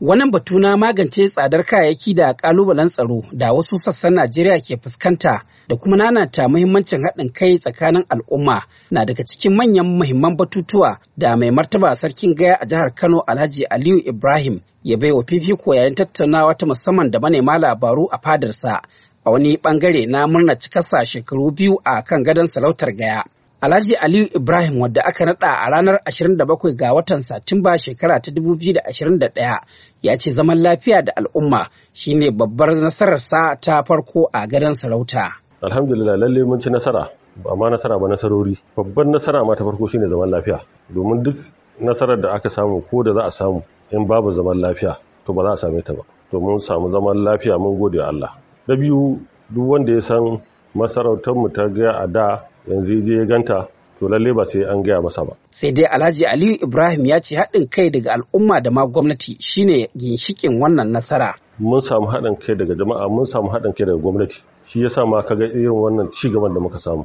Wannan batu na magance tsadar kayayyaki da kalubalen tsaro da wasu sassan Najeriya ke fuskanta da kuma nanata muhimmancin haɗin kai tsakanin al'umma na daga cikin manyan muhimman batutuwa da mai martaba sarkin gaya a jihar Kano Alhaji Aliyu Ibrahim ya bai wa fifiko yayin tattaunawa ta musamman da manema labaru a fadarsa a wani bangare na murna cikarsa shekaru biyu a kan gadon salautar gaya. Alhaji Aliyu Ibrahim wadda aka nada a ranar 27 ga watan Satumba shekara ta 2021 ya ce zaman lafiya da al'umma shine babbar nasarar sa ta farko a gadon sarauta. Alhamdulillah lalle mun ci nasara ba ma nasara ba nasarori babbar nasara ma ta farko shine zaman lafiya domin duk nasarar da aka samu ko da za a samu in babu zaman lafiya to ba za a same ta ba to mun samu zaman lafiya mun gode Allah. na biyu duk wanda ya san masarautar mu ta gaya a da yanzu je ya ganta to lalle ba sai an gaya masa ba. Sai dai Alhaji Aliyu Ibrahim ya ce haɗin kai daga al'umma da ma gwamnati shine ginshikin wannan nasara. Mun samu haɗin kai daga jama'a mun samu haɗin kai daga gwamnati shi ya sa ma ka ga irin wannan ci gaban da muka samu.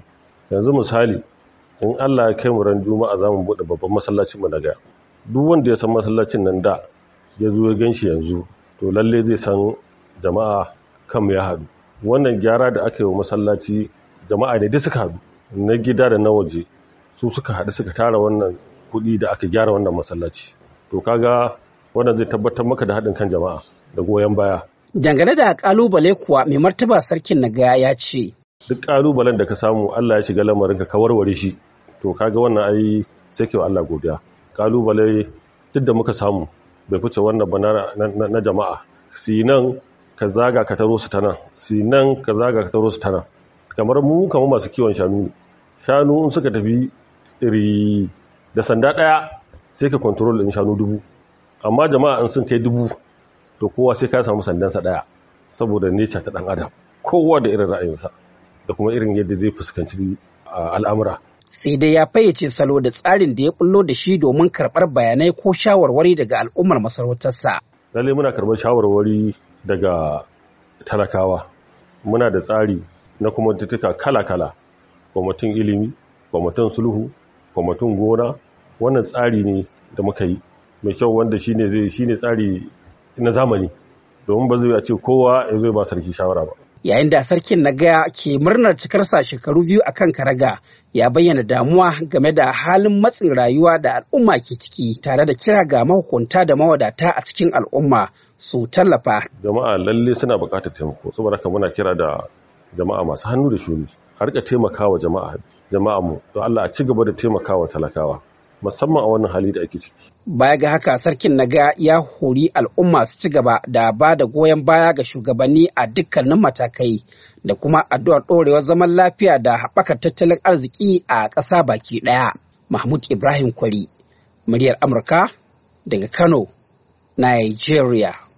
Yanzu misali in Allah ya kai mu ran Juma'a za mu buɗe babban masallacin mu na gaya. Duk wanda ya san masallacin nan da ya zo ya gan shi yanzu to lalle zai san jama'a kan ya haɗu. Wannan gyara da aka yi wa masallaci jama'a ne duk suka haɗu. na gida da na waje su suka haɗu suka tara wannan kuɗi da aka gyara wannan masallaci to kaga wannan zai tabbatar maka da haɗin kan jama'a da goyon baya dangane da kalubale kuwa mai martaba sarkin na gaya ya ce duk kalubalen da ka samu Allah ya shiga lamarin ka warware shi to kaga wannan ai sai kai Allah godiya kalubale duk da muka samu bai fice wannan ba na jama'a sinan ka zaga ka taro su ta nan ka zaga ka taro su ta kamar mu kamar masu kiwon shanu ne shanu in suka tafi iri da sanda ɗaya sai ka control ɗin shanu dubu amma jama'a in sun kai dubu to kowa sai ka samu sandansa ɗaya saboda nature ta ɗan adam kowa da irin ra'ayinsa da kuma irin yadda zai fuskanci al'amura sai dai ya fayyace salo da tsarin da ya bullo da shi domin karɓar bayanai ko shawarwari daga al'ummar masarautarsa. Lalle muna karɓar shawarwari daga talakawa, muna da tsari na kuma kala-kala kwamatin ilimi kwamitin sulhu kwamitin gona wannan tsari ne da muka yi mai kyau wanda shine zai tsari na zamani domin ba zai a ce kowa ya zo ba sarki shawara ba yayin da sarkin na gaya ke murnar cikarsa shekaru biyu a kan karaga ya bayyana damuwa game da halin matsin rayuwa da al'umma ke ciki tare da kira ga mahukunta da mawadata a cikin al'umma su tallafa jama'a lalle suna buƙatar taimako saboda haka muna kira da jama'a masu hannu da shuni a rika taimakawa jama'a jama'a mu don Allah a ci gaba da taimakawa talakawa musamman a wannan hali da ake ciki baya ga haka sarkin naga ya hori al'umma su ci gaba da ba da goyon baya ga shugabanni a dukkanin matakai da kuma addu'ar ɗorewar zaman lafiya da haɓaka tattalin arziki a ƙasa baki ɗaya mahmud ibrahim kwari muryar amurka daga kano nigeria